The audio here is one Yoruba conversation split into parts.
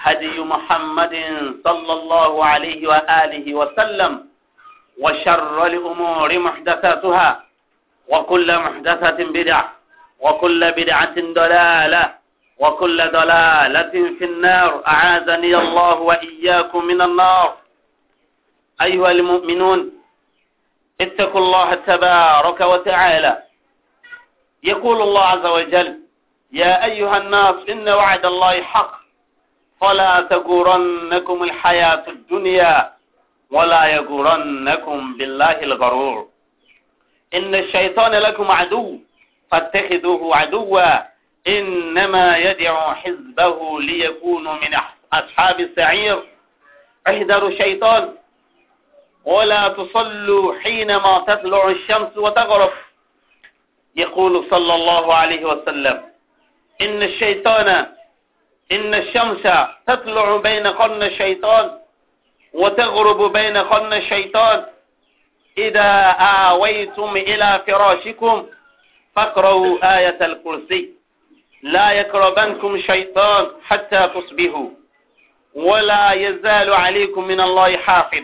هدي محمد صلى الله عليه وآله وسلم وشر الأمور محدثاتها وكل محدثة بدعة وكل بدعة ضلالة وكل ضلالة في النار أعاذني الله وإياكم من النار أيها المؤمنون اتقوا الله تبارك وتعالى يقول الله عز وجل يا أيها الناس إن وعد الله حق فلا تغرنكم الحياة الدنيا ولا يغرنكم بالله الغرور إن الشيطان لكم عدو فاتخذوه عدوا إنما يدعو حزبه ليكونوا من أصحاب السعير احذروا الشيطان ولا تصلوا حينما تطلع الشمس وتغرب يقول صلى الله عليه وسلم إن الشيطان إن الشمس تطلع بين قرن الشيطان وتغرب بين قرن الشيطان إذا آويتم إلى فراشكم فاقرأوا آية الكرسي لا يقربنكم شيطان حتى تصبحوا ولا يزال عليكم من الله حافظ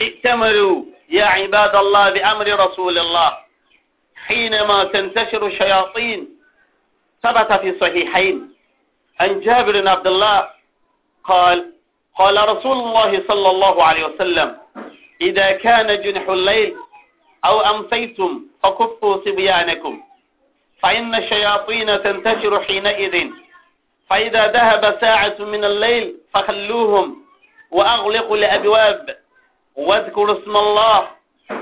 ائتمروا يا عباد الله بأمر رسول الله حينما تنتشر الشياطين ثبت في صحيحين عن جابر بن عبد الله قال قال رسول الله صلى الله عليه وسلم إذا كان جنح الليل أو أمسيتم فكفوا صبيانكم فإن الشياطين تنتشر حينئذ فإذا ذهب ساعة من الليل فخلوهم وأغلقوا الأبواب واذكروا اسم الله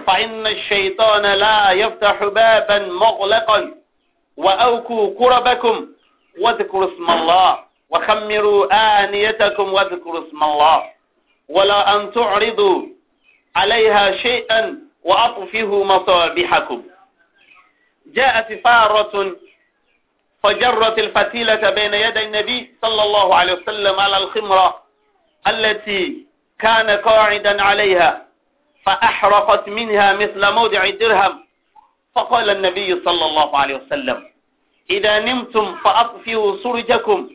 فإن الشيطان لا يفتح بابا مغلقا وأوكوا كربكم واذكروا اسم الله وخمروا آنيتكم واذكروا اسم الله ولا أن تعرضوا عليها شيئا وأطفئوا مصابيحكم جاءت فارة فجرت الفتيلة بين يدي النبي صلى الله عليه وسلم على الخمرة التي كان قاعدا عليها فأحرقت منها مثل موضع الدرهم فقال النبي صلى الله عليه وسلم إذا نمتم فأطفئوا سرجكم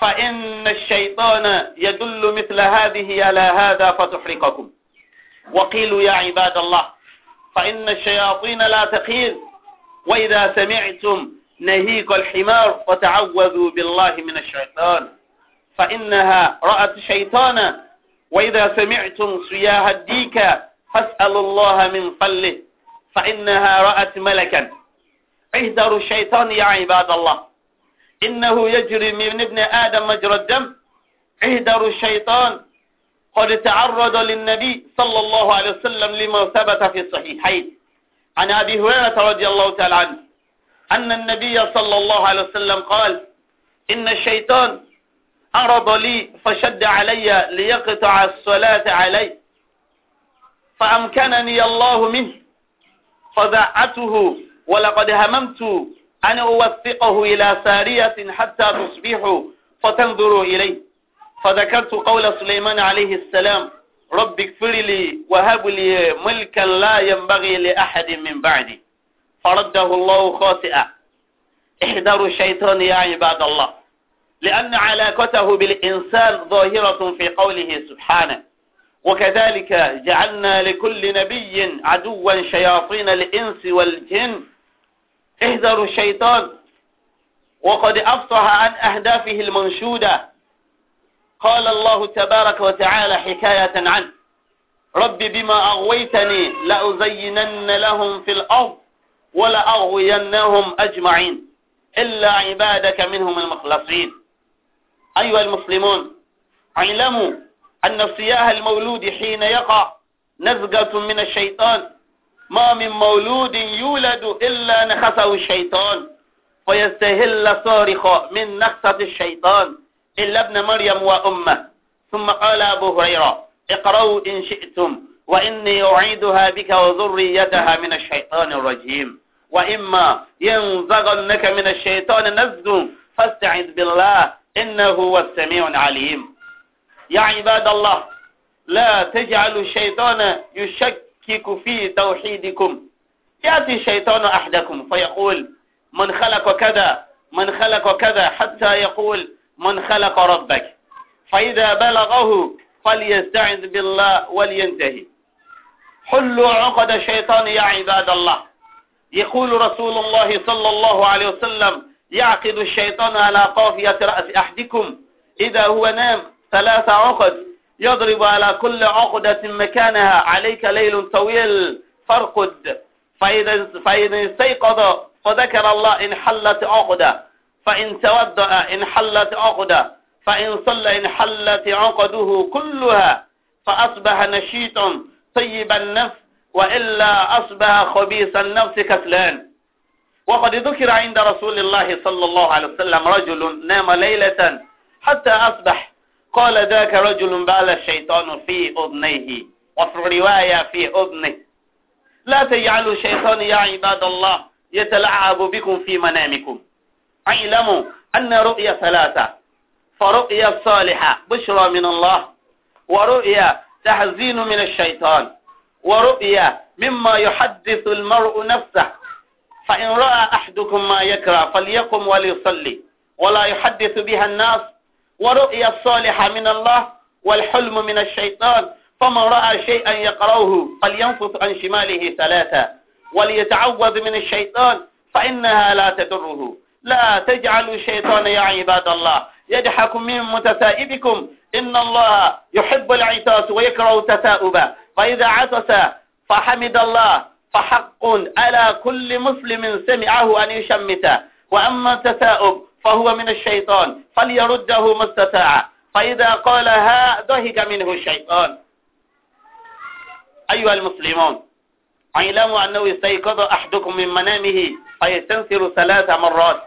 فإن الشيطان يدل مثل هذه على هذا فتحرقكم وقيلوا يا عباد الله فإن الشياطين لا تقيل وإذا سمعتم نهيك الحمار وتعوذوا بالله من الشيطان فإنها رأت شيطانا وإذا سمعتم صياح الديك فاسألوا الله من فله فإنها رأت ملكا احذروا الشيطان يا عباد الله إنه يجري من ابن آدم مجرى الدم احذروا الشيطان قد تعرض للنبي صلى الله عليه وسلم لما ثبت في الصحيحين عن أبي هريرة رضي الله تعالى عنه أن النبي صلى الله عليه وسلم قال إن الشيطان عرض لي فشد علي ليقطع الصلاة علي فأمكنني الله منه فدعته ولقد هممت أن أوثقه إلى سارية حتى تصبحوا فتنظروا إليه فذكرت قول سليمان عليه السلام رب اغفر لي وهب لي ملكا لا ينبغي لأحد من بعدي فرده الله خاطئا احذروا الشيطان يا عباد الله لأن علاقته بالإنسان ظاهرة في قوله سبحانه وكذلك جعلنا لكل نبي عدوا شياطين الإنس والجن احذروا الشيطان وقد أفصح عن أهدافه المنشودة قال الله تبارك وتعالى حكاية عنه رب بما أغويتني لأزينن لهم في الأرض ولأغوينهم أجمعين إلا عبادك منهم المخلصين أيها المسلمون اعلموا أن صياح المولود حين يقع نزقة من الشيطان ما من مولود يولد إلا نخسه الشيطان فيستهل صارخا من نخسة الشيطان إلا ابن مريم وأمه ثم قال أبو هريرة اقرأوا إن شئتم وإني أعيدها بك وذريتها من الشيطان الرجيم وإما ينزغنك من الشيطان نزغ فاستعذ بالله إنه هو السميع العليم يا عباد الله لا تجعلوا الشيطان يشك يشكك في توحيدكم يأتي الشيطان أحدكم فيقول من خلق كذا من خلق كذا حتى يقول من خلق ربك فإذا بلغه فليستعذ بالله ولينتهي حلوا عقد الشيطان يا عباد الله يقول رسول الله صلى الله عليه وسلم يعقد الشيطان على قافية رأس أحدكم إذا هو نام ثلاث عقد يضرب على كل عقدة مكانها عليك ليل طويل فارقد فإذا, فإذا استيقظ فذكر الله إن حلت عقدة فإن توضأ إن حلت عقدة فإن صلى إن حلت عقده كلها فأصبح نشيطا طيب النفس وإلا أصبح خبيث النفس كسلان وقد ذكر عند رسول الله صلى الله عليه وسلم رجل نام ليلة حتى أصبح قال ذاك رجل بال الشيطان في أذنيه وفي الرواية في أذنه لا تجعلوا الشيطان يا عباد الله يتلعب بكم في منامكم اعلموا أن رؤيا ثلاثة فرؤيا صالحة بشرى من الله ورؤيا تحزين من الشيطان ورؤيا مما يحدث المرء نفسه فإن رأى أحدكم ما يكره فليقم وليصلي ولا يحدث بها الناس ورؤيا الصالحة من الله والحلم من الشيطان فمن رأى شيئا يقرأه فلينفث عن شماله ثلاثة وليتعوذ من الشيطان فإنها لا تدره لا تجعلوا الشيطان يا عباد الله يضحك من متثائبكم إن الله يحب العتاس ويكره التثاؤب فإذا عتس فحمد الله فحق على كل مسلم سمعه أن يشمته وأما التثاؤب فهو من الشيطان فليرده ما استطاع فإذا قالها ضحك منه الشيطان أيها المسلمون اعلموا أنه استيقظ أحدكم من منامه فيستنثر ثلاث مرات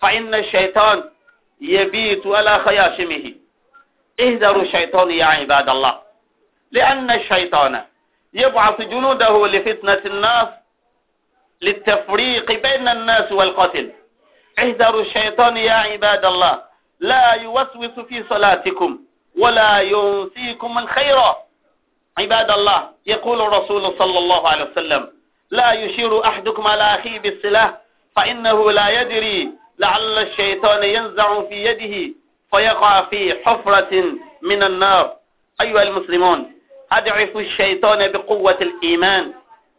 فإن الشيطان يبيت على خياشمه اهدروا الشيطان يا عباد الله لأن الشيطان يبعث جنوده لفتنة الناس للتفريق بين الناس والقتل احذروا الشيطان يا عباد الله لا يوسوس في صلاتكم ولا ينسيكم الخير عباد الله يقول الرسول صلى الله عليه وسلم لا يشير أحدكم على أخيه بالسلاح فإنه لا يدري لعل الشيطان ينزع في يده فيقع في حفرة من النار أيها المسلمون أدعف الشيطان بقوة الإيمان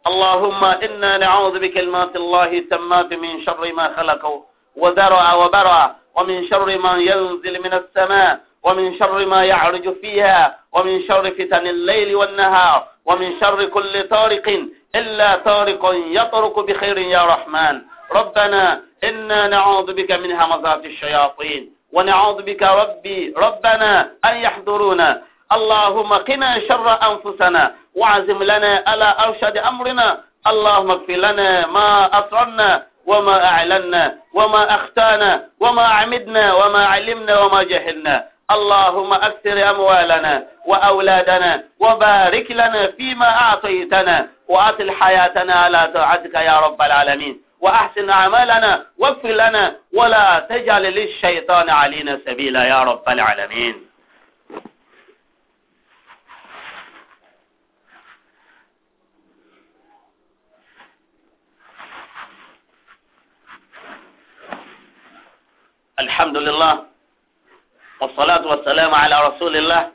اللهم إنا نعوذ بكلمات الله التمات من شر ما خلقه وذرع وبرع ومن شر ما ينزل من السماء ومن شر ما يعرج فيها ومن شر فتن الليل والنهار ومن شر كل طارق إلا طارق يطرق بخير يا رحمن ربنا إنا نعوذ بك من همزات الشياطين ونعوذ بك ربي ربنا أن يحضرونا اللهم قنا شر أنفسنا وعزم لنا على أرشد أمرنا اللهم اغفر لنا ما أسررنا وما أعلنا وما أختانا وما عمدنا وما علمنا وما جهلنا اللهم أكثر أموالنا وأولادنا وبارك لنا فيما أعطيتنا وأطل حياتنا على طاعتك يا رب العالمين وأحسن أعمالنا واغفر لنا ولا تجعل للشيطان علينا سبيلا يا رب العالمين alhamdulillah wasalaatu wasalaamu ala rasulillah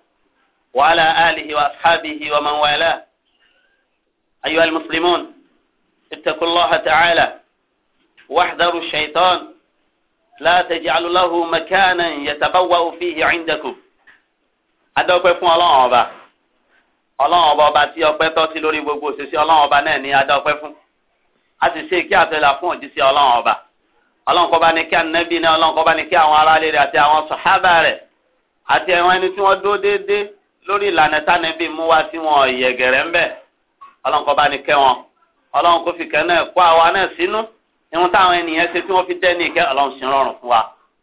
wa ala alihi wa ashabihi wa man wala ayyuha almuslimun ittaqu allaha ta'ala wahdaru shaitan la taj'alu lahu makanan yatabawwa'u fihi 'indakum adọ́pẹ́ fún ọlọ́run ọba ọlọ́run ọba ọba tí ọpẹ́ tọ́ sí lórí gbogbo òṣìṣẹ́ ọlọ́run ọba náà ní adọ́pẹ́ fún a sì ṣe kí àtẹlà fún òjíṣẹ́ ọlọ́run ọba ọlọ́run kọ́ bá ní kí ànábì náà ọlọ́run kọ́ bá ní kí àwọn aráalé rẹ̀ àti àwọn sàhábà rẹ̀ àti àwọn ẹni tí wọ́n dó déédéé lórí ìlànà tánàbì mú wá tí wọ́n yẹ̀gẹ̀rẹ̀ ń bẹ̀ ọlọ́run kọ́ bá ní kẹ́ wọn ọlọ́run kó fi kẹ́ kó àwa náà sínú ìhun táwọn ènìyàn ṣe tí wọ́n fi dẹ́ni ìkẹ́ ọlọ́run sì rọrùn fún wa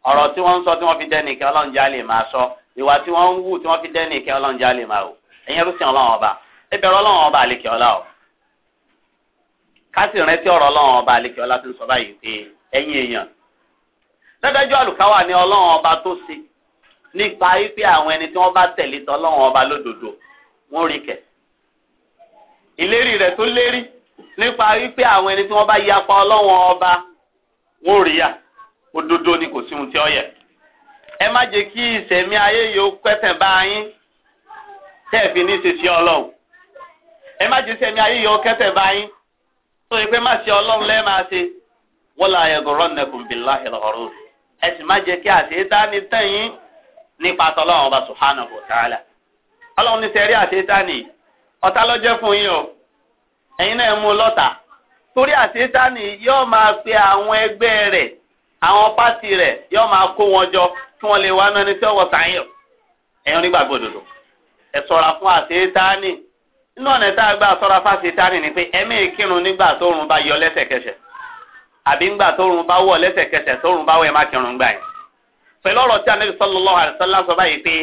ọ̀rọ̀ tí wọ́n sọ tí wọ́n fi dẹ́ni ìkẹ́ ọlọ́run já lè máa sọ ìwà tí wọ́n wù tí wọ́n fi dẹ́ni ìkẹ́ ọlọ́run já lè máa wò ẹ̀yin ẹrú sìn ọlọ́run ọba ẹbẹ̀rẹ̀ ọlọ́run ọba àlekè o ká sì rántí ọ̀rọ̀ ọlọ́run ọba àlekè ti ń sọ báyìí pé ẹ̀yin èèyàn dádájọ́ àlùkáwà ni ọlọ́run ọba tó ṣe nípa wípé àwọn ẹni tí wọ́n bá tẹ̀lé tọ́ ọlọ́run ọba lódodo wọ́n rí kẹ̀. ìlérí rẹ̀ tó lérí nípa wípé àwọn ẹni tí wọ́n bá yapa ọlọ́run ọba wọ́n rí yà òdodo ni kò sí ohun tí ẹ má kí ayé yóò bá yín fi ní ṣe ẹ má wọ́n la ayẹ̀gọ̀rọ̀ nẹ̀kùn bìlá ìlọ̀rọ̀ ẹ sì má jẹ́ kí àṣetá ni tẹ̀yìn nípa ọba subhanahu wa ta'ala ọlọ́run ní sẹ́rí àṣetá ni ọ̀tá ló jẹ́ fún yín o ẹ̀yin náà mú lọ́tà torí àṣetá ni yóò pe àwọn ẹgbẹ́ rẹ̀ àwọn pátì rẹ̀ yóò máa kó wọn jọ kí wọ́n lè wá ẹ̀yin ẹ fún inú ọ̀nà tá a gbà fún ni pé ẹ̀mí ìkírun yọ àbí ńgbà tóorùn bá wọ̀ lẹ́sẹ̀kẹsẹ̀ tóorùn bá wọ̀ ẹ má kírun gbà yẹn. pẹ̀lú ọ̀rọ̀ tí anabi sallallahu alaihi wasallam sọ báyìí pé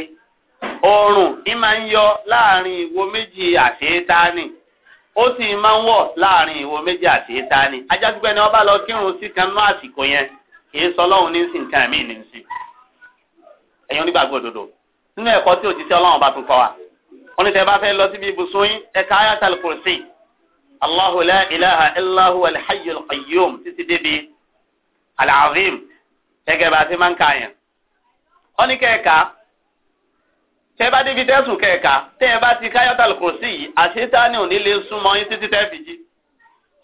oòrùn ń máa ń yọ láàrin ìwo méjì àṣetáni ó sì máa ń wọ̀ láàrin ìwo méjì àṣetáni ajásígbẹ́ ni wọ́n bá lọ kírun sí kan náà àsìkò yẹn kì í sọ lọ́hùn ní sí nǹkan mí ní sí ẹ̀yin onígbàgbọ́ òdodo nínú ẹ̀kọ́ tí òjíṣẹ́ ọlọ́run bá tún kọ́ wa wọ́n ní tẹ́ bá fẹ́ lọ síbi ibùsùn yín ẹ̀ka ayatollah kùrùsì Allahu la ilaha illa huwa al-hayyul qayyum títí débi al-azim gẹ́gẹ́ bá a ti máa ń kà yẹn. wọ́n ní kẹ́ẹ̀ka tẹ́ bá débi tẹ́sùn kẹ́ẹ̀ka tẹ́ ẹ bá ti káyọ̀tà kùrùsì yìí àṣetáni ò ní lè súnmọ́ yín títí tẹ́ fi jí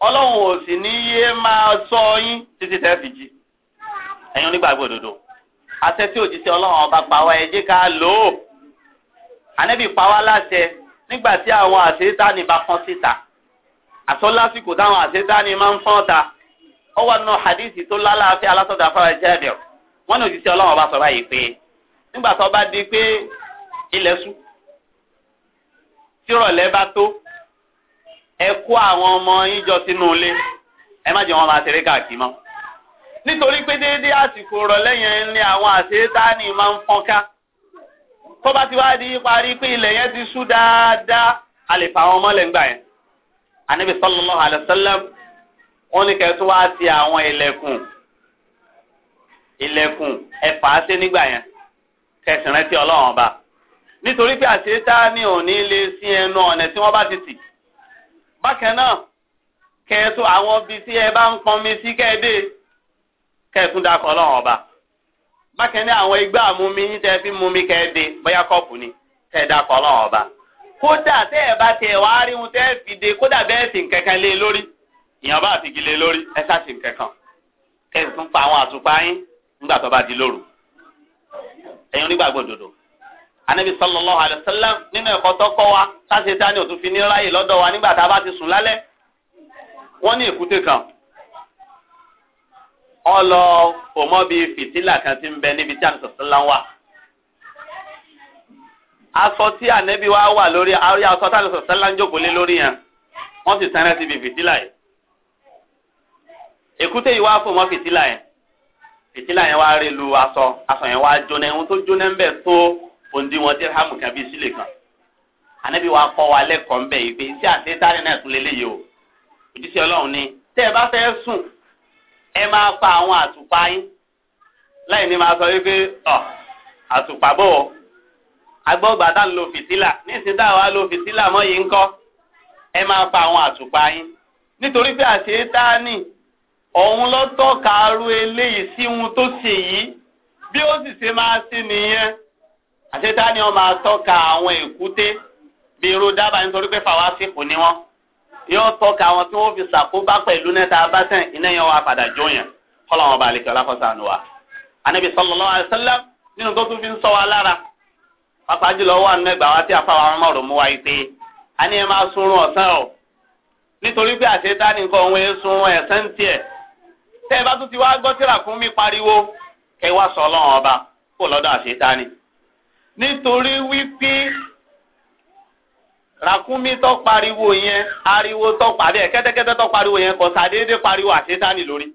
ọlọ́run ò sì ní yé máa sọ yín títí tẹ́ fi ẹ̀yin onígbàgbọ́ òdodo àṣẹ tí òjíṣẹ́ ọlọ́run ọba pa wá ẹ ká lò ó ànẹ́bí pa wá láṣẹ nígbà tí àwọn àṣetáni bá kán síta àtọ́lásìkò táwọn àṣetáni máa ń fọ́n ta ó wà nínú hadithi tó lálàáfíà alásọ̀dọ̀ afárá jẹ́ẹ̀dẹ̀ wọ́n ní òjíṣẹ́ ọlọ́run ọba sọ báyìí pé nígbà tó bá di pé ilẹ̀ ṣú tírọ̀lẹ́ bá tó ẹ kó àwọn ọmọ yín jọ sínú ilé ẹ má jẹ́ wọn máa ṣeré káàkiri mọ́ nítorí pé déédéé àsìkò rọ̀lẹ́ yẹn ni àwọn àṣetáni máa ń fọ́n ká tó bá ti wá di parí pé ilẹ̀ yẹn ti ṣú dáadáa anabi sallallahu alayhi wa sallam wọn ní kẹtù wá ti àwọn ilẹ̀kùn ilẹ̀kùn ẹfà ṣe nígbà yẹn kẹsàn án ti Ọlọ́run ọba nítorí pé àṣetá ni òní lè sí ẹnu ọ̀nà tí wọ́n bá ti tì bákan náà kẹtù àwọn bíi tí ẹ bá ń pọnmi sí kẹ́ẹ̀dé kẹtùn dakọ̀ Ọlọ́run ọba bákan náà àwọn igbá mumi yín tẹ́ fi mumi kẹ́ẹ̀dé bóyá kọ́ọ̀pù ni kẹ́ẹ̀dá kọ́ Ọlọ́run kódà tẹ́ ẹ̀ bá tẹ̀ wá rí wọn tẹ́ ẹ̀ fi de kódà bẹ́ẹ̀ sì ń kankan lé lórí èèyàn bá sì kí lé lórí ẹ sá sì ń kankan tún pa àwọn àtúpá yín nígbà tó bá di lóru ẹ̀yin onígbàgbọ́ òdodo anabi sallallahu alayhi wa sallam nínú ẹ̀kọ́ tó kọ́ wa sáṣẹ tani ò tún fi ní ráyè lọ́dọ̀ wa nígbà tá a bá ti sùn lálẹ́ wọ́n ní èkúté kan ọlọ òmọ́ bíi fìtílà kan ti ń bẹ níbi tí àmì sọ̀tún láwà aṣọ tí ànẹ́bí wa wà lórí àrí aṣọ tá a lè sọ sẹ́lá ń jókòó lé lórí yẹn wọ́n sì sẹ́rẹ́ síbi fìtílà yẹn èkúté yìí wá fún wọn fìtílà yẹn fìtílà yẹn wá rí lu aṣọ aṣọ yẹn wá jóná ẹ̀hún tó jóná ń bẹ̀ tó òǹdíwọ̀n dirhamu kan bíi sílè kan ànẹ́bí wa kọ́ wa lẹ́kọ̀ọ́ ń bẹ̀ yìí pé iṣẹ́ àṣetánì náà tún lélẹ́yìí o òjíṣẹ́ ọlọ́run ni tẹ́ ẹ bá fẹ́ sùn ẹ máa pa àwọn àtùpá yín láì ní máa sọ wípé ọ àtùpà bò agbọ́gba tá ń lo fìtílà níṣẹ́ tá a wá lo fìtílà mọ́ yìí ń kọ́ ẹ máa pa àwọn àtùpà yín nítorí pé àṣetáàní òun ló tọ́ka aró eléyìí sí ohun tó ṣe yìí bí ó sì ṣe máa ṣe nìyẹn àṣetáàní ó máa tọ́ka àwọn èkúté bí irú dábàá nítorí pé fàwa sì kù ní wọn yóò tọ́ka àwọn tí wọ́n fi ṣàkóbá pẹ̀lú nẹ́ta abátẹ̀ iná yẹn wà padà jó yẹn kọ́lọ́ wọn bá lè kí ọlákọ́sà nù wa. anabi sallallahu alaihi wasallam nínú tó tún fi ń sọ wa lára pàápàá jùlọ wà nínú ẹgbàá wa tí afáwa ọmọ rò mú wa yìí pé a ní ẹ máa sunrun ọ̀sán o nítorí pé àṣetá nìkan òun ẹ sunrun ẹ̀sán ń tiẹ̀ tẹ́ ẹ bá tún ti wá gbọ́ tíra fún mi pariwo kẹ́ ẹ wá sọ ọlọ́run ọba kó lọ́dọ̀ àṣetá ni nítorí wípé ràkúnmí tó pariwo yẹn ariwo tó pàdé kẹ́tẹ́kẹ́tẹ́ tó pariwo yẹn kò sàdédé pariwo àṣetánì lórí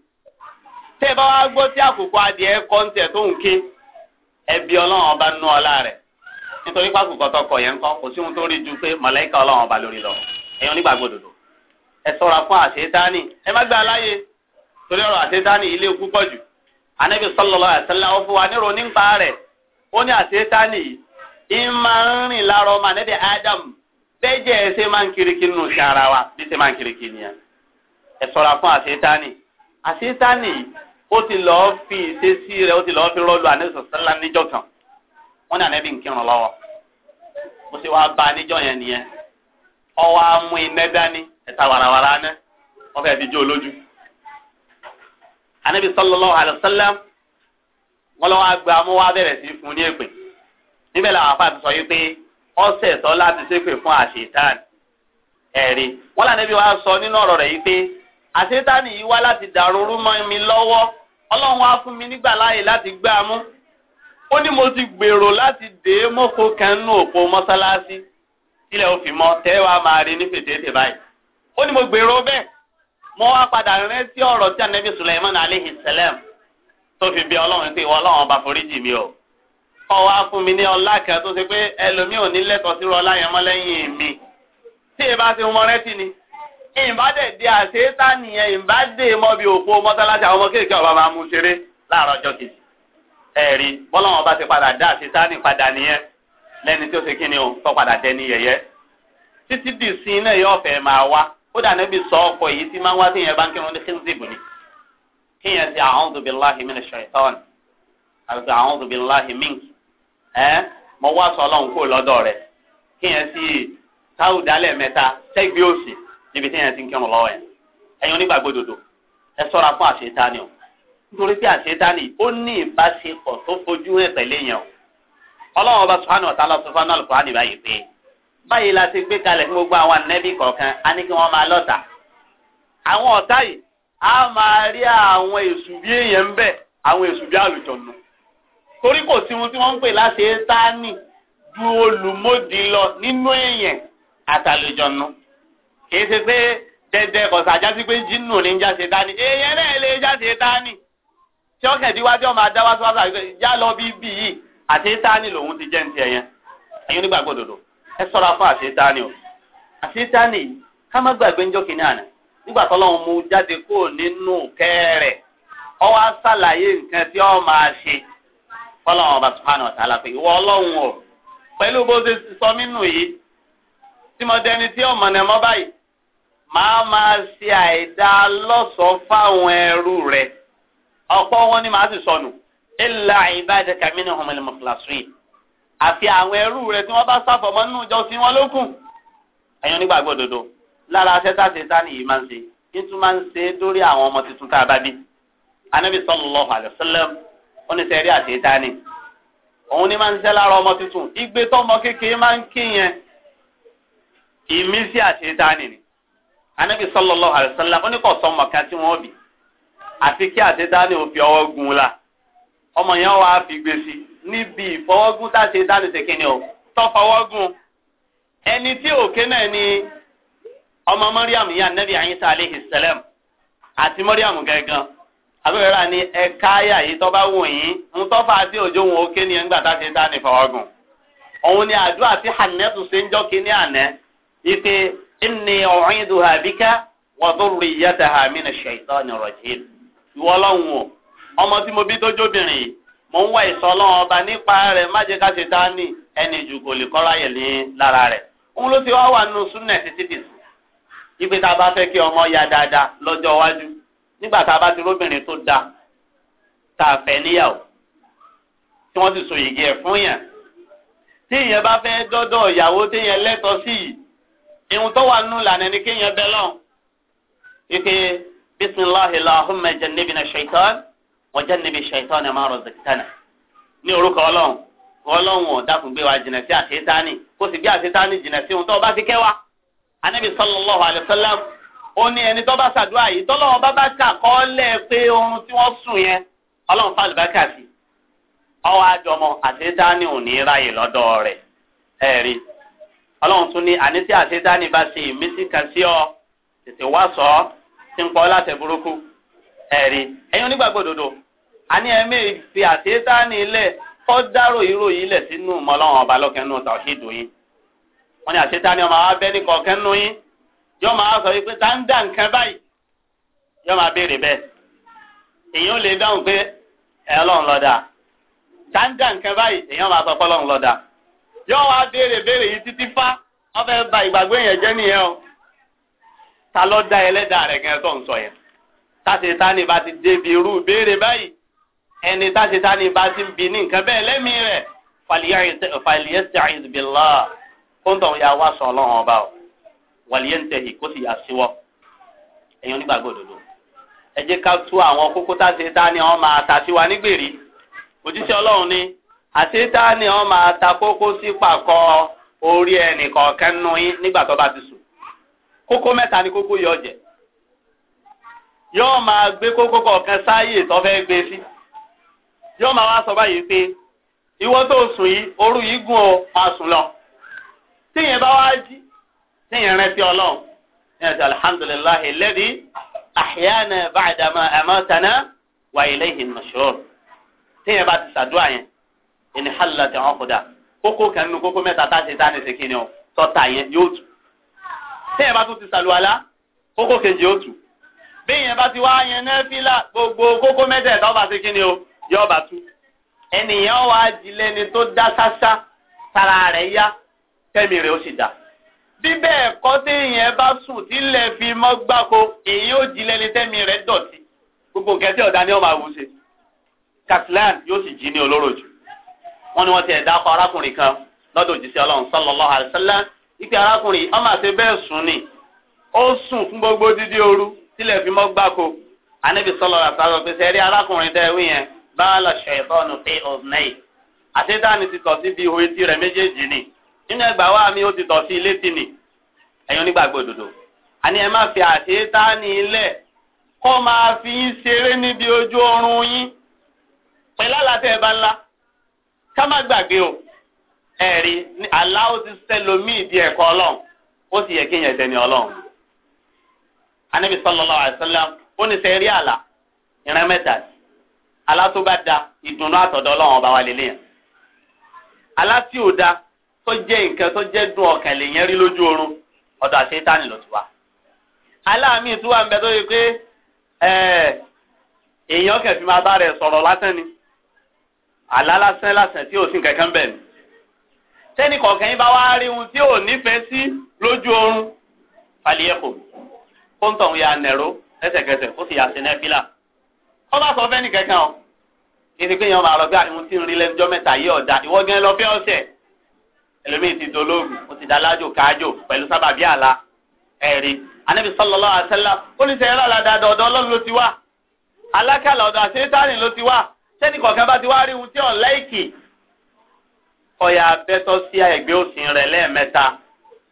tẹ́ ẹ bá wá gbọ́ tí àkùkọ adìẹ kọ́ńtẹ̀ tó ń ké ẹbí ọlọ́run ọba nú ọlá rẹ̀ nítorí pàkùkọ tọkọ yẹn ń kọ́ kò sí ohun tó rí ju pé màláíkà ọlọ́run ọba lórí lọ ẹ̀yin onígbàgbọ́ òdodo ẹ sọ̀rọ̀ fún àṣetáni ẹ má gbà láàyè torí ọ̀rọ̀ àṣetáni ilé ikú pọ̀ jù anabi sallallahu alaihi wasallam ó fún wa nírò nípa rẹ̀ ó ní àṣetáni yìí ń máa ń rìn lára ọmọ anabi adam bẹ́ẹ̀jẹ̀ ẹ ṣe máa ń kirikiri nù sí ara wa bí ṣe máa ń kirikiri nìyẹn ẹ sọ̀rọ̀ fún àṣetáni àṣetáni ó ti lọ́ọ́ fi ìṣesí rẹ̀ ó ti lọ́ọ́ fi rọ́ọ̀lù anabi sallallahu alaihi wọ́n ní ànẹ́bí nke kírun lọ́wọ́ bó wa wáá bá a níjọ́ yẹn nìyẹn ọwọ́ á mú iná dání ẹ̀ta wàràwàrà ná wọ́n fẹ́ẹ́ olójú. ànẹ́bí sallallahu alaihi wọn lọ lọ́wọ́ àgbà bẹ̀rẹ̀ sí fún ní èpè níbẹ̀ làwọn ti sọ yìí pé láti fún àṣetán ẹ̀rí anabi sọ nínú ọ̀rọ̀ rẹ̀ yìí pé àṣetán yìí wá láti dàrú mi lọ́wọ́ ọlọ́run á fún mi nígbà láàyè láti ó ní mo ti gbèrò láti dé mọ́kò kan nù òpó mọ́sálásí tílẹ̀ òfin mọ́ tẹ́wà máa rí ní fètètè báyìí ó ní mo gbèrò bẹ́ẹ̀ mo wá padà rẹ́ sí ọ̀rọ̀ tí anabi Sulaiman aleyhi salam tó fi bí ọlọ́run pé ìwọ ọlọ́run ọba foríjì mi o kọ́ wa fún mi ní ọlá kan tó ṣe pé ẹlòmíì ò ní lẹ́tọ̀ọ́ sí ọlá yẹn mọ́ lẹ́yìn mi tí ì bá ti mọ rẹ́tì ni ìbádẹ̀ di àṣetá nìyẹn ìbádẹ̀ mọ́ bí òpó mọ́sálásí àwọn ọmọ kéèké ọba ẹ̀rí bọ́lọ́wọ́n bá ti padà dá àṣetánì padà nìyẹn lẹ́ni tí ó kíni o tó padà dẹni yẹ̀yẹ́ títí di sin náà yóò fẹ́ máa wá ó dà níbi sọ ọkọ yìí tí máa ń wá sí ìyẹn bá ń kírun ní ni kíyẹn ti a'udhu billahi minash shaitan àti a'udhu billahi mink ẹ́ mo wá sọ ọlọ́run kó lọ́dọ̀ rẹ̀ kíyẹn ti táwù dálẹ̀ mẹ́ta sẹ́gbẹ́ òsì níbi tí yẹn ti ń fún nítorí pé àṣetánì ó ní ìbáṣepọ̀ tó fojú rẹ̀ pẹ̀lú yẹn o ọlọ́run ọba subhanahu wa ta'ala sọ fún alùpùpù àná báyìí pé báyìí la ti gbé kalẹ̀ fún gbogbo àwọn ànẹ́bí kọ̀ọ̀kan á ní kí wọ́n máa lọ́ta àwọn ọ̀tá yìí á máa rí àwọn èṣù bí èèyàn ń bẹ̀ àwọn èṣù bí àlùjọ̀nù torí kò sí ohun tí wọ́n ń pè láṣetánì ju olùmọ̀dì lọ nínú èèyàn àtàlùjọ̀nù kì í ṣe pé dẹ́dẹ́ kọ̀ọ̀sà jásí pé jínù ní jáṣetánì èèyàn náà lè jáṣetánì tí ọkàn ìdíwájú ọmọ adáwá tó wá sọ àgbẹ̀ lọ bí bí yìí àṣetáni lòun ti jẹ́ ní tiẹ̀ yẹn ẹ̀yin nígbà ẹ sọ́ra fún o àti yìí ká má gbàgbé ńjọ́ kìíní àná nígbà tó mú jáde nínú ọ wá sàlàyé nǹkan tí ọ máa ṣe ọba sùpánù ọ̀tá ìwọ o pẹ̀lú bó ṣe sọ yìí tí mo dẹni tí báyìí máa máa ṣe àìdá lọ́sọ̀ọ́ fáwọn ẹrú rẹ̀ ọ̀pọ̀ wọn ni màá sì sọnù illa ibadaka minhumul mukhlasin àfi àwọn ẹrú rẹ tí wọ́n bá sáfọ̀mọ́ nínú ìjọ wọn lókun ẹ̀yàn nígbàgbọ́ òdodo lára sẹ́tà sẹ́tà nìyí máa ń ṣe nítorí máa ń ṣe dórí àwọn ọmọ tuntun tá a bá bí anábì ni máa ń ṣe ọmọ tuntun igbe tọmọ kékeré máa ń kí yẹn ìmísí àṣetá ni ni kan àti kí àṣetáni ò fi ọwọ́ gun la ọmọ yẹn wàá fi gbèsè níbi ìfọwọ́gún táṣetáni ṣe kíni o tọ́fọwọ́gún ẹni tí òkè náà ni ọmọ Mariam yá nẹ́bí àyínsá aleyhi sẹlẹ̀m àti Mariam gẹ́gàn abẹ́rẹ́ra ni ẹ̀ka ayà yìí tọ́ bá yín ń tọ́fà àti òjò wọn òkè ni ẹ̀ńgbà táṣetáni fọwọ́gún òun ni àdúrà tí hànẹ́tù ṣe ń jọ́ kíní àná ipe inni ọ̀rìn dùhàbíkà wọ́n tó rí ìyá ṣèyítọ́ ìwọ ọlọ́run o ọmọ tí mo bí tó jóbìnrin yìí mo ń wá ìsọ ọlọ́run ọba nípa rẹ̀ má jẹ́ ká ṣe dá ní ẹni jù kò lè kọ́ra yẹ̀ ní lára rẹ̀ òun ló ti wá wà nínú súnẹ̀ títí tì tá a bá fẹ́ kí ọmọ ya dáadáa lọ́jọ́ iwájú nígbà tá a bá ti róbìnrin tó dáa tá a fẹ́ níyàwó tí wọ́n ti so yìgì ẹ̀ fún yàn tí ìyẹn bá fẹ́ dọ́dọ̀ ìyàwó tí ìyẹn lẹ́tọ̀ọ́ sí yìí ìhun tó wà nínú ìlànà ni kéèyàn bẹ́ lọ́hùn بسم الله jannibina shaitan wa jannibi shaitan ma razaqtana ní orúkọ ọlọ́run ọlọ́run ò dákun gbé wa jìnnà sí àṣetáni kó sì gbé àṣetáni jìnnà sí ohun tó bá ti kẹ́ wa anabi sallallahu alayhi wa sallam ó ní ẹni tó bá ṣàdúrà yìí tọ́lọ́run bá bá ṣàkọọ́lẹ̀ pé ohun tí wọ́n sùn yẹn ọlọ́run fún àlùbákà sí ọwọ́ àjọmọ àṣetáni ò ní ráyè lọ́dọ̀ rẹ̀ ẹ̀rí ọlọ́run tún ní àní tí àṣetáni bá ṣe ìmísí kan sí ọ tètè wá sọ ọ́ ti ń pọ̀ láti burúkú ẹ̀rí ẹ̀yin onígbàgbọ́ àní ẹ̀mí fi àṣetá ní kọ́ dárò ìró yìí lẹ̀ sínú mọ́lọ́wọ́n ọba lọ́kẹ́nu tàwọ́sídùn yín wọ́n ní àṣetá ni ọmọ abẹ́ ní kọ̀ọ̀kẹ́ yín máa sọ tá ń dà nǹkan báyìí yọ máa béèrè bẹ́ẹ̀ èèyàn lè dáhùn pé lọ́dà tá ń dà nǹkan báyìí máa sọ lọ́dà yọ wá béèrè béèrè yìí títí fá ọ fẹ́ ba ìgbàgbọ́ jẹ́ nìyẹn o. ta ló dá ẹlẹ́dàá rẹ̀ gan tó ń sọ yẹn táṣetánì bá ti débi irú ìbéèrè báyìí ẹni táṣetánì bá ti ń bi ní nǹkan bẹ́ẹ̀ lẹ́mìí rẹ̀ fàlìyẹ́sì billah kóńtọ̀ ya wá sọ ọlọ́run ọba o wàlíyé ń tẹ̀yì kó sì yà síwọ́ ẹ̀yin onígbàgbọ́ òdodo ẹ jẹ́ ká tú àwọn kókó táṣetánì wọn máa ta sí wa nígbèrè òjíṣẹ́ ọlọ́run ni àṣetánì wọn máa ta kókó sí pàkọ́ orí ẹnìkọ̀ọ̀kan nù kókó mẹ́ta ni kókó yọ jẹ yóò máa gbé kókó kọ̀ọ̀kan sáàyè tó fẹ́ gbé sí yóò máa wá sọ báyìí pé ìwọ tó sùn yìí òru yìí gùn ó máa sùn lọ tíyẹn bá wá jí tíyẹn rántí Ọlọ́run yẹn ti alihamdulilayi lẹbi àhíyànà bàdàmà àmọtánà wà ilayhi nushur tíyẹn bá ti sàdúrà yẹn ìní hàlùlà tẹ̀wọ́n kókó kan nínú kókó mẹ́ta tá a ti tá a ní sèkínì o tọ́ta yẹn yóò tù tẹ́yìn bá tún ti sàlùwàlá kókó kejì ó tù bẹ́yìn bá ti wá yẹn nẹ́fílà gbogbo kókó mẹ́tẹ̀ẹ̀ta ọba sí kíni o yọ ọba tú ẹnìyàn wá jilẹ̀ ni tó dá sásá tara rẹ̀ yá tẹ́mi rẹ̀ ó sì dá bí bẹ́ẹ̀ kọ́ téèyàn bá sùn tílẹ̀ fi mọ́ gbáko èyí ó jilẹ̀ ni tẹ́mi rẹ̀ dọ̀tí gbogbo nǹkan tí ọ̀dà ni ọ̀ máa wù ṣe Catalan yóò sì jí ní olóró jù wọ́n ní wọ́n ti ẹ̀dá akọ arákùnrin kan lọ́dọ̀ òjíṣẹ́ Ọlọ́run sallallahu alaihi wasallam ìpè arákùnrin ọmọ àti bẹ́ẹ̀ sùn ni ó sùn fún gbogbo dídí òru tílẹ̀ fi mọ́ gbáko ànábì sọlọ rà sáré pé sẹ́rí arákùnrin dẹ́ wí yẹn báàlà ṣẹ̀tọ́nù pé ọ̀sìnẹ́yì àtẹ́tàní ti tọ̀ sí ibi ihò etí rẹ̀ méjèèjì ni nínú ẹgbà wa mi ó ti tọ̀ sí ilé tì ní ẹ̀yin onígbàgbọ́ òdòdó àní ẹ má fi àtẹ́tàní ilẹ̀ kọ́ máa fi yín ṣeré níbi ojú oorun yín pẹ̀lú àlàtẹ̀ ẹ̀ bá ńlá ká má gbàgbé o. ẹ̀rí aláwo ti sẹlómìn di ẹ̀kọ́ ọlọ́run ó sì yẹ kí yẹn dẹni ọlọ́run. anabi sallallahu alaihi ó ní sẹ rí àlà ìran mẹ́ta àlá tó bá da ìdùnnú àtọ̀dọ̀ ọlọ́run ọba wa lè àlá tí da tó jẹ́ nǹkan tó jẹ́ dùn ọ̀kàn lè yẹn rí lójú oorun ọ̀dọ̀ ti mi wà ń bẹ tó yẹ pé èèyàn kẹfì máa bá ni àlá lásán lásán tí ò sí tẹ́nì kọ̀ọ̀kan yín bá wá rí ohun tí ò nífẹ̀ẹ́ sí lójú oorun fàlíẹ́kù kó ń tọ̀ ya nẹ̀ró lẹ́sẹ̀kẹsẹ̀ ó sì yà sí nẹ́bílà wọ́n bá sọ fẹ́ni kankan o ìdí pé yẹn máa lọ bí àwọn tí ń rí lẹ́njọ́ mẹ́ta yìí ọ̀dà ìwọ gan lọ fẹ́ ọ̀sẹ̀ ẹlòmíì ti dolóògùn ó ti da lájò káájò pẹ̀lú sábàbí àlá ẹ̀rí anábì sallallahu alaihi wasallam ó ní sẹ́yìn rárá dáadáa ọ̀dọ̀ ọlọ́run ló ti wá alákàlà ọ̀dọ̀ àṣetánì ló ti wá sẹ́ni kọ̀ọ̀kan bá ti wá rí ohun tí ọ̀ láìkì kọ́ya abẹ́tọ́ sí ẹgbẹ́ òsìn rẹ̀ lẹ́ẹ̀mẹ́ta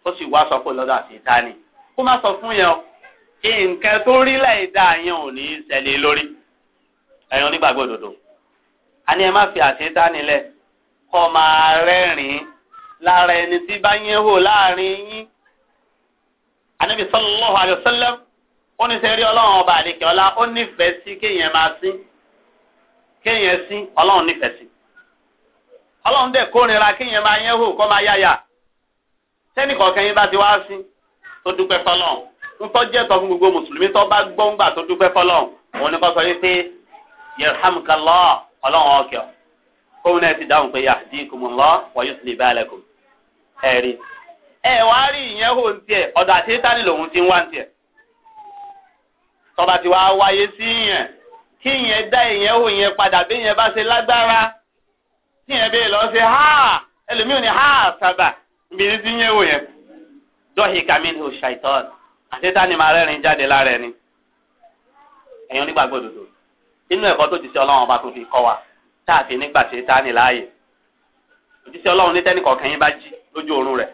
ó sì wá sọ pé lọ́dọ̀ àti ìtaní kó má sọ fún yẹn kí nǹkan tó rí láìda yẹn ò ní í ṣẹlẹ̀ lórí ẹ̀yàn onígbàgbọ́ òdòdó àní ẹ má fi àti ìtaní lẹ̀ kọ́ máa rẹ́rìn-ín lára ẹni tí bá yẹn wò láàrin yín Ànábì sallallahu alaihi ó ní sẹ́rí ọlọ́run ọba àdìkẹ́ ọlá ó nífẹ̀ẹ́ sí kéèyàn máa sín kéèyàn sín ọlọ́run nífẹ̀ẹ́ sí ọlọ́run dẹ̀ kórìíra kíyẹn máa yẹn hù kọ́ máa yáyà sẹ́nìkọ̀ọ̀kan yín bá ti wá sí tó dúpẹ́ fọlọ́run ńtọ́ jẹ́ tọ́ fún gbogbo mùsùlùmí tó bá gbọ́ ńgbà tó dúpẹ́ fọlọ́run òun ni kò sọ yìí pé yarhamukallah ọlọ́run ọ̀kẹ́ kóun náà ti dáhùn pé yahdikumullah wa yusli balakum ẹ̀rí ẹ̀ wá rí ìyẹn hù ń tiẹ̀ ọ̀dọ̀ àti tani lòun ti ń wá ń tiẹ̀ tọ́ba ti wá wáyé sí yẹn kí ìyẹn dá ìyẹn hù yẹn padà bí ìyẹn bá ṣe lágbára tí yẹn bẹ́ẹ̀ lọ sí ha ẹlòmíràn ni ha sábà níbi tí ń yẹ wò yẹn dọ́hì kamin ò ṣàìtọ́n àti tani máa rẹ́rìn jáde lára ẹni ẹ̀yin onígbàgbọ́ òdodo inú ẹ̀kọ́ tó ti ṣe ọlọ́run ọba tó fi kọ́ wa tá a fi nígbà tí tani láàyè òjíṣẹ́ ọlọ́run ní tẹ́nìkọ̀ kẹ́yìn bá jí lójú oorun rẹ̀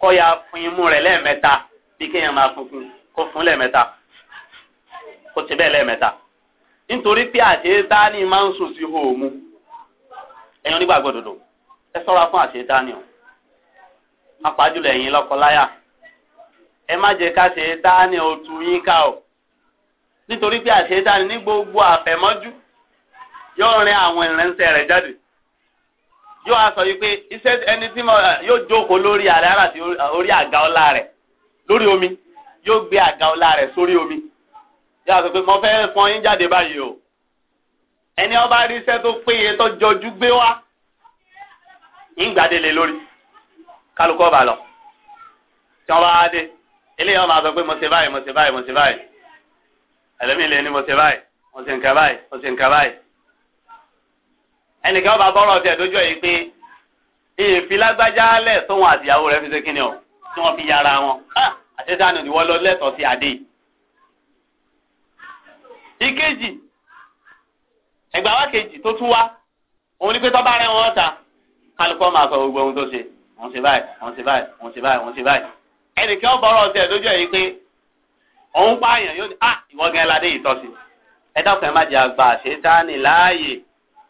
kọ́ ya fún imú rẹ̀ lẹ́ẹ̀mẹ́ta bí kéèyàn máa funfun kó fún lẹ́ẹ̀mẹ́ta kó ti bẹ́ẹ̀ lẹ́ẹ̀mẹ́ta nítorí pé àti tani máa ń sùn sí hòòmù ẹ̀yin onígbàgbọ́ dòdò ẹ sọ́ra fún àṣetánì o apájùlọ ẹ̀yin lọ́kọláyà ẹ má jẹ́ ká ṣetánì o tú yín ká o nítorí pé àṣetánì ní gbogbo àfẹ̀mọ́jú yóò rin àwọn ìrìnsẹ̀ rẹ̀ jáde yóò á sọ yìí pé iṣẹ́ ẹni tí mo yóò jókòó lórí àrẹ àti orí àga ọlá rẹ̀ lórí omi yóò gbé àga ọlá rẹ̀ sórí omi yóò á pé mo fẹ́ fọn jáde báyìí o ẹni ọba rí iṣẹ́ tó péye tó jọjú gbé wá ìgbàdélé lórí kálukú ọba lọ tí wọn bá dé eléyìí wọn máa sọ pé mo ṣe báyìí mo ṣe báyìí mo ṣe báyìí ẹlẹ́mìí lè ní mo ṣe báyìí mo ṣe nǹkan báyìí mo ṣe nǹkan báyìí ẹnìkan ọba bọ́rọ̀ ọ̀sẹ̀ dójú ẹ̀ yìí pé ìfilágbájá lẹ̀ tóun àtìyàwó rẹ̀ fi ṣe kíni o tí wọ́n fi yára wọn ah! àṣetánù ni wọ́n lọ lẹ́tọ̀ọ́ sí adé. ìkejì ẹgbẹ́ àwa kejì tó tún wá òun ní pé tọ́ bá rẹ̀ wọ́n ta kálukọ́ máa sọ gbogbo ohun tó ṣe òun ṣe báyìí òun ṣe báyìí òun ṣe báyìí òun ṣe báyìí ẹnìkan ọ̀bọ̀ ọ̀rọ̀ ọ̀sẹ̀ lójú ẹ̀yìn pé òun pààyàn yóò ní ah ìwọ gan ẹlàdé yìí tọ́sí ẹ dákun ẹ má jẹ àgbà ṣètánì láàyè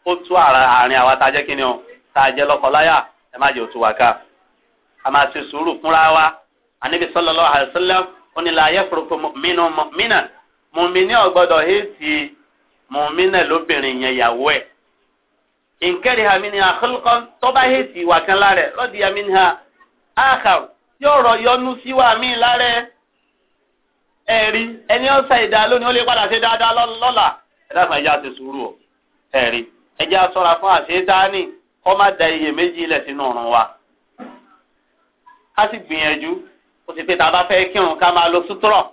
ó tú àárín àwa tá a jẹ́ kíni o tá a jẹ́ lọ́kọláyà ẹ má jẹ òtún wà ká a máa ṣe sùúrù fúnra wa ànábi sallallahu alaihi wasallam ó ní la yafruqu mu'minun mu'minan mu'mini ò gbọ́dọ̀ hẹ́ẹ̀tì mùmínà lóbìnrin yẹn yàwó ẹ̀ nkẹ́rì ha mi ni àkọ́lùkọ́ tọ́ba hẹ́tì wà kan lára ẹ̀ lọ́dí ya mi ni ha áàkàrù yóò rọ yọnu sí wa mí lára ẹ̀ ẹ̀rí ẹni ọ̀sà ìdá lónìí ó lè padà ṣe dáadáa lọ́la ẹ̀dá kan ẹja ti sùúrù ọ̀ ẹ̀rí ẹja sọ̀ra fún àṣetáni kọ́ má da iye méjì ilẹ̀ sínú ọ̀run wa ká sì gbìyànjú ó sì pé tá a bá fẹ́ kírun ká máa lo sútúrọ̀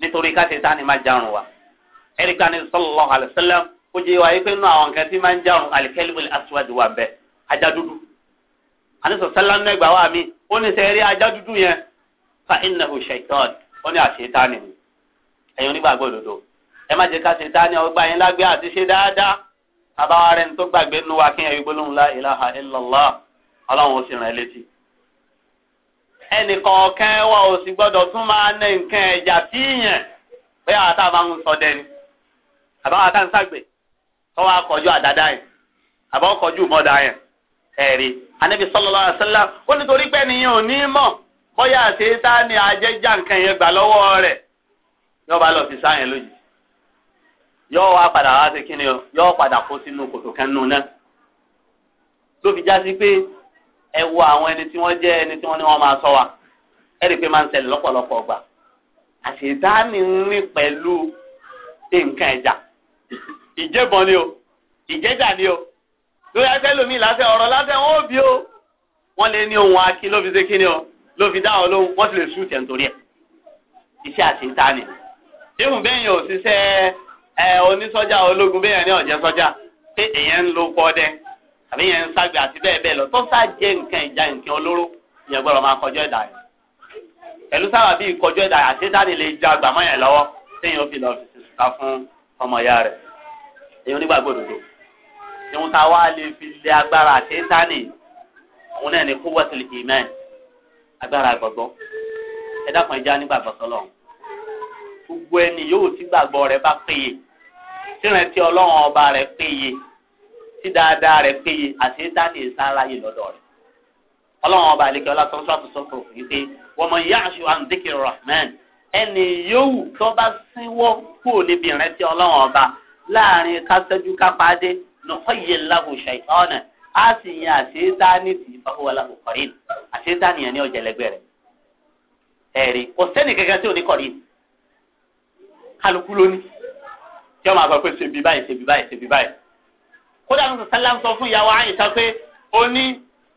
nítorí ká ṣe táni má jarun wa. ẹ̀ríkà ní sallallahu alaihi jẹ́ wáyé pé nínú àwọn nǹkan máa ń járun wa kalbul aswad bẹ́ẹ̀ ajá egbawa àníṣọ wá mi ó ní sẹ́ rí ajá yẹn fa innahu shaitan ó ní àṣetánì ni ẹ̀yin onígbàgbọ́ òdodo ẹ má jẹ́ ká ṣetánì ọgbà yẹn lágbé àti ṣe dáadáa àbáwá rẹ̀ la ọlọ́run ó sì àbáwá tá ń sàgbè tọ́wọ́ akọjú àdáda yẹn àbáwọ́ kọjú mọ́dà yẹn ẹ̀rí anabi sallallahu alaihi wasallam ó nítorí pé nìyẹn ò ní mọ̀ bóyá àti ni ajẹ́jà nǹkan yẹn gbà lọ́wọ́ rẹ̀ bá lọ fi sáyẹn wá padà wá sí kíni padà kó sínú kòtò kan nù náà ló fi ẹ wo àwọn ẹni tí wọ́n jẹ́ ẹni tí wọ́n ní wọ́n máa sọ wa ẹ rí ń lọ́pọ̀lọpọ̀ ọgbà ń pẹ̀lú ìjẹ́bọn ni o ìjẹ́jà ni o lórí afẹ́ lomi láfẹ́ ọ̀rọ̀ láfẹ́ wọn bí o wọ́n lè ní ohun akin ló fi ṣe kíni o ló fi dá wọn lóhùn wọ́n sì lè sùn tẹ̀ nítorí ẹ̀ iṣẹ́ àṣetá ni ihun bẹ́yìn ò ṣiṣẹ́ ẹ onísọ́jà ológun bẹ́yìn ní ọ̀jẹ́ sọ́jà pé èèyàn ń lo pọ́ọ́dẹ àbí èèyàn ń ságbé àti bẹ́ẹ̀ bẹ́ẹ̀ lọ tó sá jẹ́ nǹkan ìjà nǹkan olóró ìyẹn gbọ́dọ̀ máa kọjọ́ ẹ̀dá rẹ̀ pẹ̀lú sábà bíi kọjọ́ ẹ̀dá àṣetá ni lè ja àgbàmọ́ yẹn lọ́wọ́ téèyàn ó fi lọ fi ṣe sùtá fún ọmọ ìyá rẹ̀ èyí onígbàgbọ́ òdodo ìhun tá a wá lè fi lé agbára àtẹ́tánì òun náà ní kó wọ́sìlì ìmẹ́n agbára gbọ̀gbọ́ ẹ dákun ẹ já nígbàgbọ́ sọlọ gbogbo ẹni yóò tí gbàgbọ́ rẹ̀ bá péye tìrántí ọlọ́run ọba rẹ̀ péye tí dáadáa rẹ̀ péye àtẹ́tánì ìsáráyè lọ́dọ̀ rẹ̀ ọlọ́run ọba àlekẹ́ ọlá tó ń sọ́tún sọ́kùrù yìí pé wọ́n mọ̀ yáàṣù àǹdíkì rahman ẹnì yòówù tó bá sínwó kúrò níbi ìrántí ọlọ́run ọba láàrin kásẹ́jú kápádé nùkọ́ yẹ lágùn ṣàìtọ́nà á sì yan àṣetáni tì í fáwọn aláwọ̀ kọ̀rin àṣetáni yẹn ní ọ̀jẹ̀lẹ́gbẹ̀ rẹ̀ ẹ̀rí kò sẹ́ni kankan tí ò ní kọ̀rin kálukú lónìí tí wọ́n máa sọ pé ṣèbí báyìí ṣèbí báyìí ṣèbí báyìí kódà ń sọ́lá sọ fún ìyàwó àyíṣà pé ó ní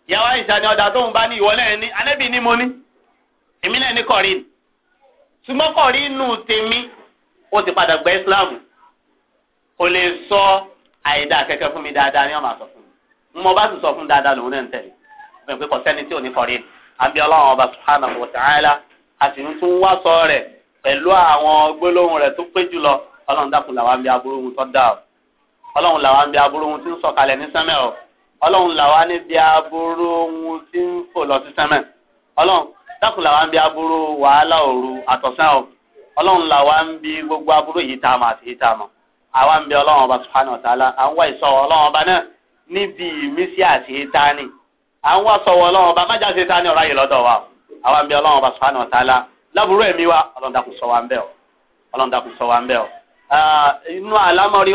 ìyàwó àyíṣà ni ọ̀dà tóun bá ní ìwọ náà sumọ́kọ̀ rí inú tèmi ó ti padà gba Islam kò lè sọ àìdá kẹ̀kẹ́ fún mi dáadáa ni wọ́n máa sọ fún mi mo bá sì sọ fún dáadáa lòun náà ń tẹ̀lé fún mi pé kò sẹ́ni tí ò ní kọ̀rí àbí ọlọ́run ọba subhanahu wa ta'ala àti ń tún wá sọ rẹ̀ pẹ̀lú àwọn gbólóhùn rẹ̀ tó pé jùlọ ọlọ́run dákun làwọn àbí aburú ohun tó dáa ọlọ́run làwọn àbí aburú ohun tí ń sọ̀kalẹ̀ ní sẹ́mẹ̀ o ọlọ́run làwọn àbí aburú ohun tí ń fò lọ sí sẹ́mẹ̀ ọlọ́run dákun làwọn bí aburú wàhálà òru àtọ̀sán ọ̀ ọlọ́run làwọn bí gbogbo aburú yìí tá a mọ̀ àti yìí tá a mọ̀ àwa ń bẹ ọlọ́run ọba subhanahu wa ta'ala à ń wá ìsọ̀wọ́ ọlọ́run ọba náà níbi ìmísí àti ìtaní à ń wá sọ̀wọ́ ọlọ́run ọba májà ṣe tání ọ̀rá yìí lọ́dọ̀ wa àwa ń ọlọ́run ọba subhanahu wa ta'ala ẹ̀mí wa ọlọ́run dákun ṣọ́ wa ń bẹ̀ ọ́ ọlọ́run dákun ṣọ́ wa ń bẹ̀ ọ́ inú àlámọ̀rí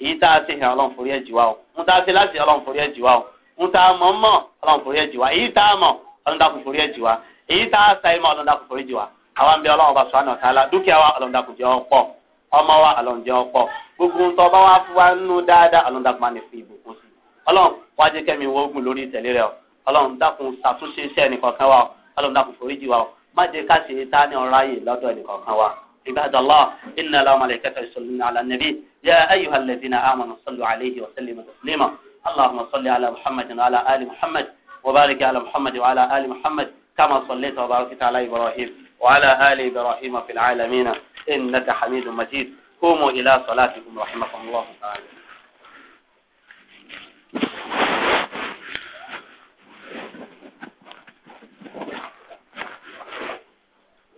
èyí tá a ṣe hàn ọlọ́run forí ẹ̀jì wa o ń tá a ṣe láti ọlọ́run forí ẹ̀jì wa o ń tá a mọ̀ mọ̀ ọlọ́run forí ẹ̀jì wa èyí tá a mọ̀ ọlọ́run dákun forí ẹ̀jì wa èyí tá a sa ìmọ̀ ọlọ́run dákun forí ẹ̀jì wa àwa ń bẹ ọlọ́run ọba sọ́nà tààlà dúkìá wa ọlọ́run dákun jẹ́ wọn pọ̀ ọmọ wa ọlọ́run jẹ́ wọn pọ̀ gbogbo ń tọ́ bá wa fún wa nínú dáadáa ọlọ́run dákun máa ní fi ìbùkún sí ọlọ́run wá wa عباد الله إن لا ملائكته يصلون على النبي يا أيها الذين آمنوا صلوا عليه وسلموا تسليما اللهم صل على محمد وعلى آل محمد وبارك على محمد وعلى آل محمد كما صليت وباركت على إبراهيم وعلى آل إبراهيم في العالمين إنك حميد مجيد قوموا إلى صلاتكم رحمكم الله تعالى